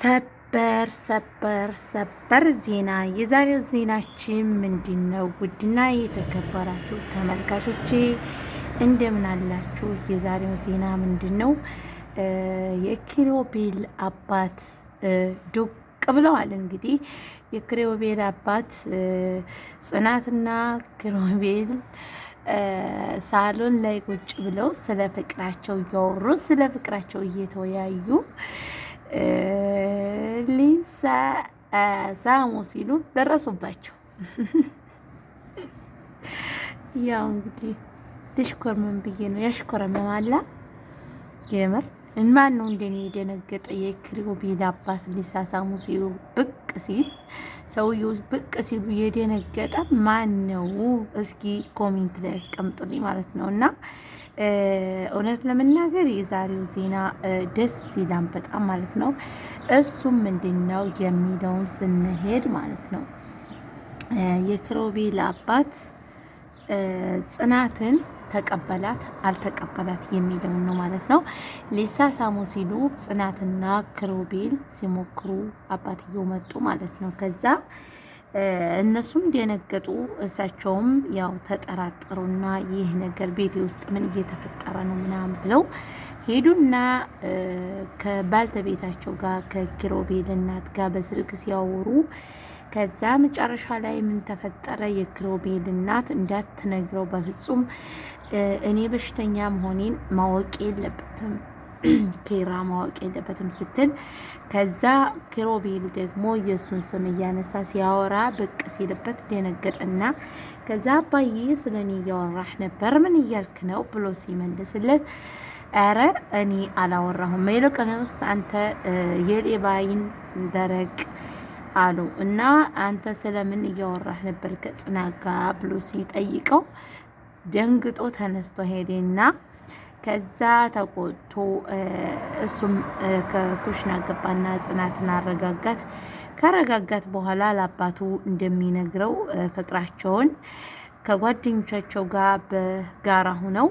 ሰበር ሰበር ሰበር ዜና። የዛሬው ዜናችን ምንድን ነው? ውድና የተከበራችሁ ተመልካቾቼ እንደምን አላችሁ? የዛሬው ዜና ምንድን ነው? የኪሮቤል አባት ዱቅ ብለዋል። እንግዲህ የኪሮቤል አባት ጽናትና ኪሮቤል ሳሎን ላይ ቁጭ ብለው ስለ ፍቅራቸው እያወሩ ስለ ፍቅራቸው እየተወያዩ ሳሙ ሲሉ ደረሱባቸው። ያው እንግዲህ ትሽኮር ብዬ ነው ያሽኮረ መማላ የምር ማን ነው እንደኔ የደነገጠ? የክሮቤል አባት ሊሳሳሙ ሲሉ ብቅ ሲል ሰውየው ብቅ ሲሉ የደነገጠ ማን ነው? እስኪ ኮሜንት ላይ ያስቀምጡልኝ ማለት ነው። እና እውነት ለመናገር የዛሬው ዜና ደስ ይላል በጣም ማለት ነው። እሱም ምንድን ነው የሚለውን ስንሄድ ማለት ነው የክሮቤል አባት ጽናትን ተቀበላት አልተቀበላት የሚለውን ነው ማለት ነው። ሳሙ ሲሉ ጽናትና ክሮቤል ሲሞክሩ አባትየው መጡ ማለት ነው። ከዛ እነሱም ደነገጡ። እሳቸውም ያው ተጠራጠሩና ይህ ነገር ቤቴ ውስጥ ምን እየተፈጠረ ነው ምናምን ብለው ሄዱና ከባልተቤታቸው ጋር ከኪሮቤል እናት ጋር በስልክ ሲያወሩ ከዛ መጨረሻ ላይ ምን ተፈጠረ? የኪሮቤል እናት እንዳትነግረው በፍጹም እኔ በሽተኛ መሆኔን ማወቅ የለበትም ኬራ ማወቅ የለበትም ስትል፣ ከዛ ኪሮቤል ደግሞ የእሱን ስም እያነሳ ሲያወራ ብቅ ሲልበት ደነገጠና ከዛ አባዬ ስለኔ እያወራህ ነበር ምን እያልክ ነው ብሎ ሲመልስለት ኧረ እኔ አላወራሁም። ይልቅንስ አንተ የሌባ አይን ደረቅ አሉ እና አንተ ስለምን እያወራህ ነበር ከጽናት ጋር ብሎ ሲጠይቀው ደንግጦ ተነስቶ ሄደና ከዛ ተቆጥቶ እሱም ከኩሽና ገባና ጽናትን አረጋጋት። ካረጋጋት በኋላ ለአባቱ እንደሚነግረው ፍቅራቸውን ከጓደኞቻቸው ጋር በጋራ ሁነው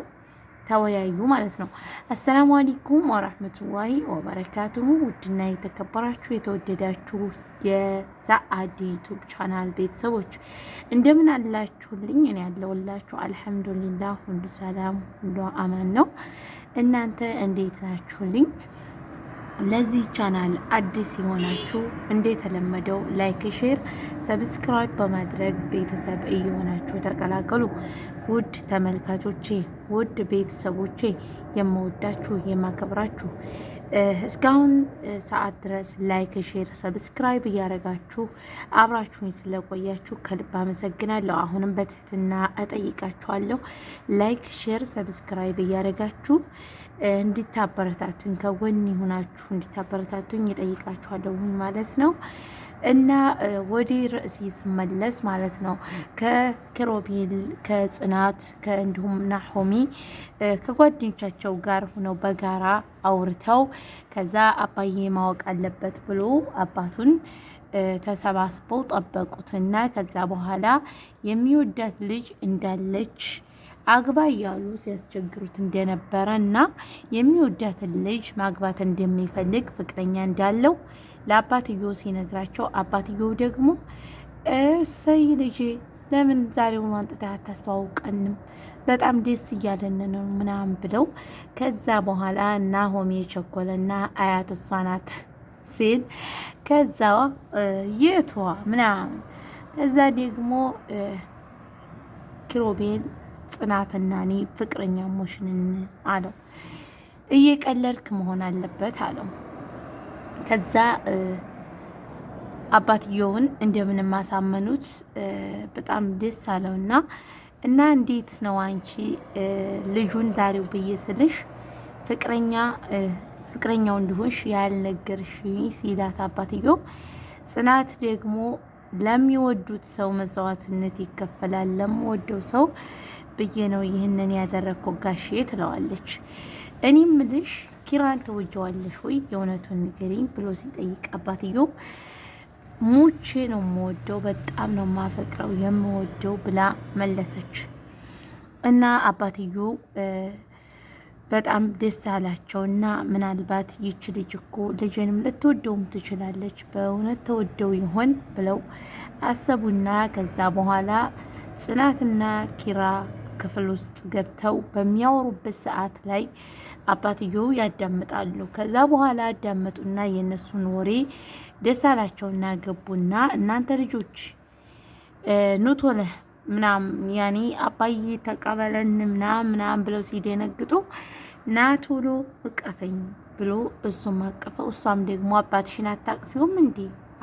ተወያዩ ማለት ነው። አሰላሙ አሊኩም ወራህመቱላሂ ወበረካቱሁ። ውድና የተከበራችሁ የተወደዳችሁ የሰአድ ዩቱብ ቻናል ቤተሰቦች እንደምን አላችሁልኝ? እኔ ያለውላችሁ አልሐምዱሊላህ፣ ሁሉ ሰላም፣ ሁሉ አማን ነው። እናንተ እንዴት ናችሁልኝ? ለዚህ ቻናል አዲስ የሆናችሁ እንደተለመደው ላይክ፣ ሼር፣ ሰብስክራይብ በማድረግ ቤተሰብ እየሆናችሁ ተቀላቀሉ። ውድ ተመልካቾቼ፣ ውድ ቤተሰቦቼ የምወዳችሁ የማከብራችሁ እስካሁን ሰዓት ድረስ ላይክ፣ ሼር፣ ሰብስክራይብ እያደረጋችሁ አብራችሁኝ ስለቆያችሁ ከልብ አመሰግናለሁ። አሁንም በትህትና እጠይቃችኋለሁ ላይክ፣ ሼር፣ ሰብስክራይብ እያደረጋችሁ እንዲታበረታቱኝ ከጎን ይሁናችሁ እንዲታበረታቱኝ እጠይቃችኋለሁኝ ማለት ነው። እና ወደ ርዕስ ስመለስ ማለት ነው ከኪሮቤል ከጽናት እንዲሁም ናሆሚ ከጓደኞቻቸው ጋር ሆነው በጋራ አውርተው ከዛ አባዬ ማወቅ አለበት ብሎ አባቱን ተሰባስበው ጠበቁትና ከዛ በኋላ የሚወዳት ልጅ እንዳለች አግባ እያሉ ሲያስቸግሩት እንደነበረ እና የሚወዳትን ልጅ ማግባት እንደሚፈልግ ፍቅረኛ እንዳለው ለአባትዮ ሲነግራቸው አባትዮ ደግሞ እሰይ ልጄ ለምን ዛሬውን አንጥታ አታስተዋውቀንም? በጣም ደስ እያለን ነው ምናምን ብለው ከዛ በኋላ ናሆሜ ቸኮለና አያት እሷ ናት ሲል ከዛ የቷ ምናምን ከዛ ደግሞ ኪሮቤል ጽናትና እኔ ፍቅረኛ ሞሽንን አለው። እየቀለድክ መሆን አለበት አለው። ከዛ አባትየውን እንደምንም አሳመኑት። በጣም ደስ አለውና እና እንዴት ነው አንቺ ልጁን ዳሪው ብዬ ስልሽ ፍቅረኛ ፍቅረኛው እንዲሆንሽ ያልነገርሽኝ ሲላት አባትየው ጽናት ደግሞ ለሚወዱት ሰው መስዋዕትነት ይከፈላል። ለምወደው ሰው ብዬ ነው ይህንን ያደረግኩ ጋሼ ትለዋለች። እኔም ምልሽ ኪራን ተወጀዋለሽ ወይ የእውነቱን ንገሪኝ ብሎ ሲጠይቅ አባትዮ ሙቼ ነው የምወደው፣ በጣም ነው የማፈቅረው የምወደው ብላ መለሰች። እና አባትዮ በጣም ደስ አላቸው እና ምናልባት ይች ልጅ እኮ ልጅንም ልትወደውም ትችላለች፣ በእውነት ተወደው ይሆን ብለው አሰቡና ከዛ በኋላ ጽናትና ኪራ ክፍል ውስጥ ገብተው በሚያወሩበት ሰዓት ላይ አባትየው ያዳምጣሉ። ከዛ በኋላ አዳመጡና የእነሱን ወሬ ደስ አላቸውና ገቡና እናንተ ልጆች ኑቶለ ምናምን ያኔ አባዬ ተቀበለን ምናምን ምናምን ብለው ሲደነግጡ ና ቶሎ እቀፈኝ ብሎ እሱም አቀፈው። እሷም ደግሞ አባትሽን አታቅፊውም እንዴ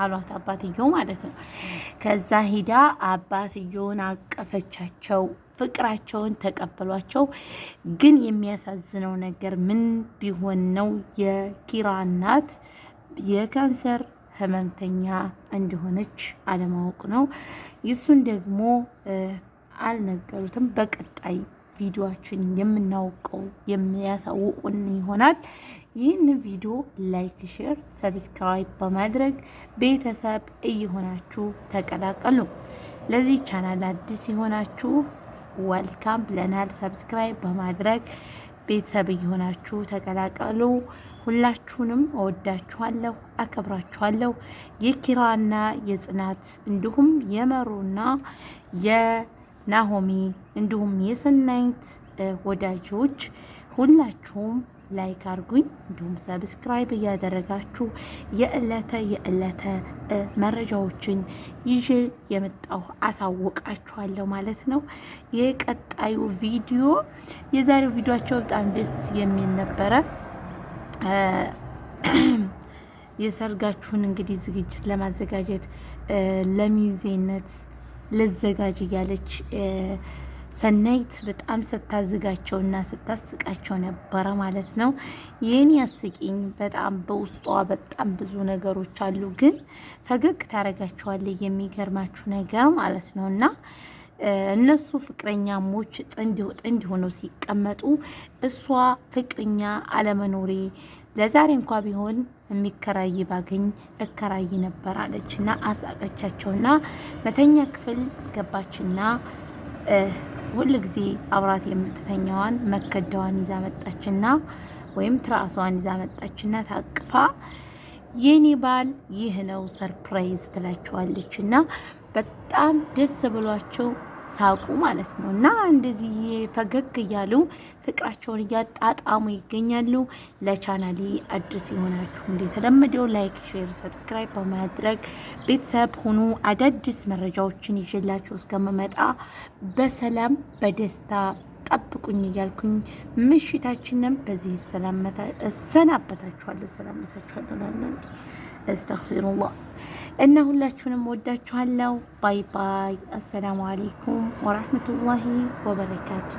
አሏት አባትየው ማለት ነው። ከዛ ሂዳ አባትየውን አቀፈቻቸው፣ ፍቅራቸውን ተቀበሏቸው። ግን የሚያሳዝነው ነገር ምን ቢሆን ነው የኪራ እናት የካንሰር ህመምተኛ እንደሆነች አለማወቅ ነው። ይሱን ደግሞ አልነገሩትም። በቀጣይ ቪዲዮችን የምናውቀው የሚያሳውቁን ይሆናል። ይህን ቪዲዮ ላይክ፣ ሼር፣ ሰብስክራይብ በማድረግ ቤተሰብ እየሆናችሁ ተቀላቀሉ። ለዚህ ቻናል አዲስ የሆናችሁ ወልካም ብለናል። ሰብስክራይብ በማድረግ ቤተሰብ እየሆናችሁ ተቀላቀሉ። ሁላችሁንም እወዳችኋለሁ፣ አከብራችኋለሁ። የኪራና የጽናት እንዲሁም የመሩና ናሆሚ እንዲሁም የሰናይት ወዳጆች ሁላችሁም ላይክ አርጉኝ እንዲሁም ሰብስክራይብ እያደረጋችሁ የእለተ የእለተ መረጃዎችን ይዤ የመጣሁ አሳውቃችኋለሁ ማለት ነው። የቀጣዩ ቪዲዮ የዛሬው ቪዲዮቸው በጣም ደስ የሚል ነበረ። የሰርጋችሁን እንግዲህ ዝግጅት ለማዘጋጀት ለሚዜነት ልዘጋጅ እያለች ሰናይት በጣም ስታዝጋቸውና ስታስቃቸው ነበረ ማለት ነው። ይህን ያስቂኝ በጣም በውስጧ በጣም ብዙ ነገሮች አሉ፣ ግን ፈገግ ታደርጋቸዋለች የሚገርማችሁ ነገር ማለት ነው እና እነሱ ፍቅረኛሞች ጥንድ ጥንድ ሆነው ሲቀመጡ እሷ ፍቅረኛ አለመኖሬ ለዛሬ እንኳ ቢሆን የሚከራይ ባገኝ እከራይ ነበር አለች እና አሳቀቻቸውና መተኛ ክፍል ገባችና ሁል ጊዜ አብራት የምትተኛዋን መከዳዋን ይዛ መጣችና ወይም ትራሷን ይዛ መጣችና ታቅፋ የኔ ባል ይህ ነው ሰርፕራይዝ ትላቸዋለች እና በጣም ደስ ብሏቸው ሳቁ ማለት ነው። እና እንደዚህ ፈገግ እያሉ ፍቅራቸውን እያጣጣሙ ይገኛሉ። ለቻናሊ አድርስ የሆናችሁ እንደተለመደው ላይክ፣ ሼር፣ ሰብስክራይብ በማድረግ ቤተሰብ ሁኑ። አዳዲስ መረጃዎችን ይዤላችሁ እስከምመጣ በሰላም በደስታ ጠብቁኝ እያልኩኝ ምሽታችንም በዚህ እሰናበታችኋለሁ። እሰናበታችኋለሁ ላለ አስተግፊሩላህ እና ሁላችሁንም ወዳችኋለሁ። ባይ ባይ። አሰላሙ አሌይኩም ወራህመቱላሂ ወበረካቱ።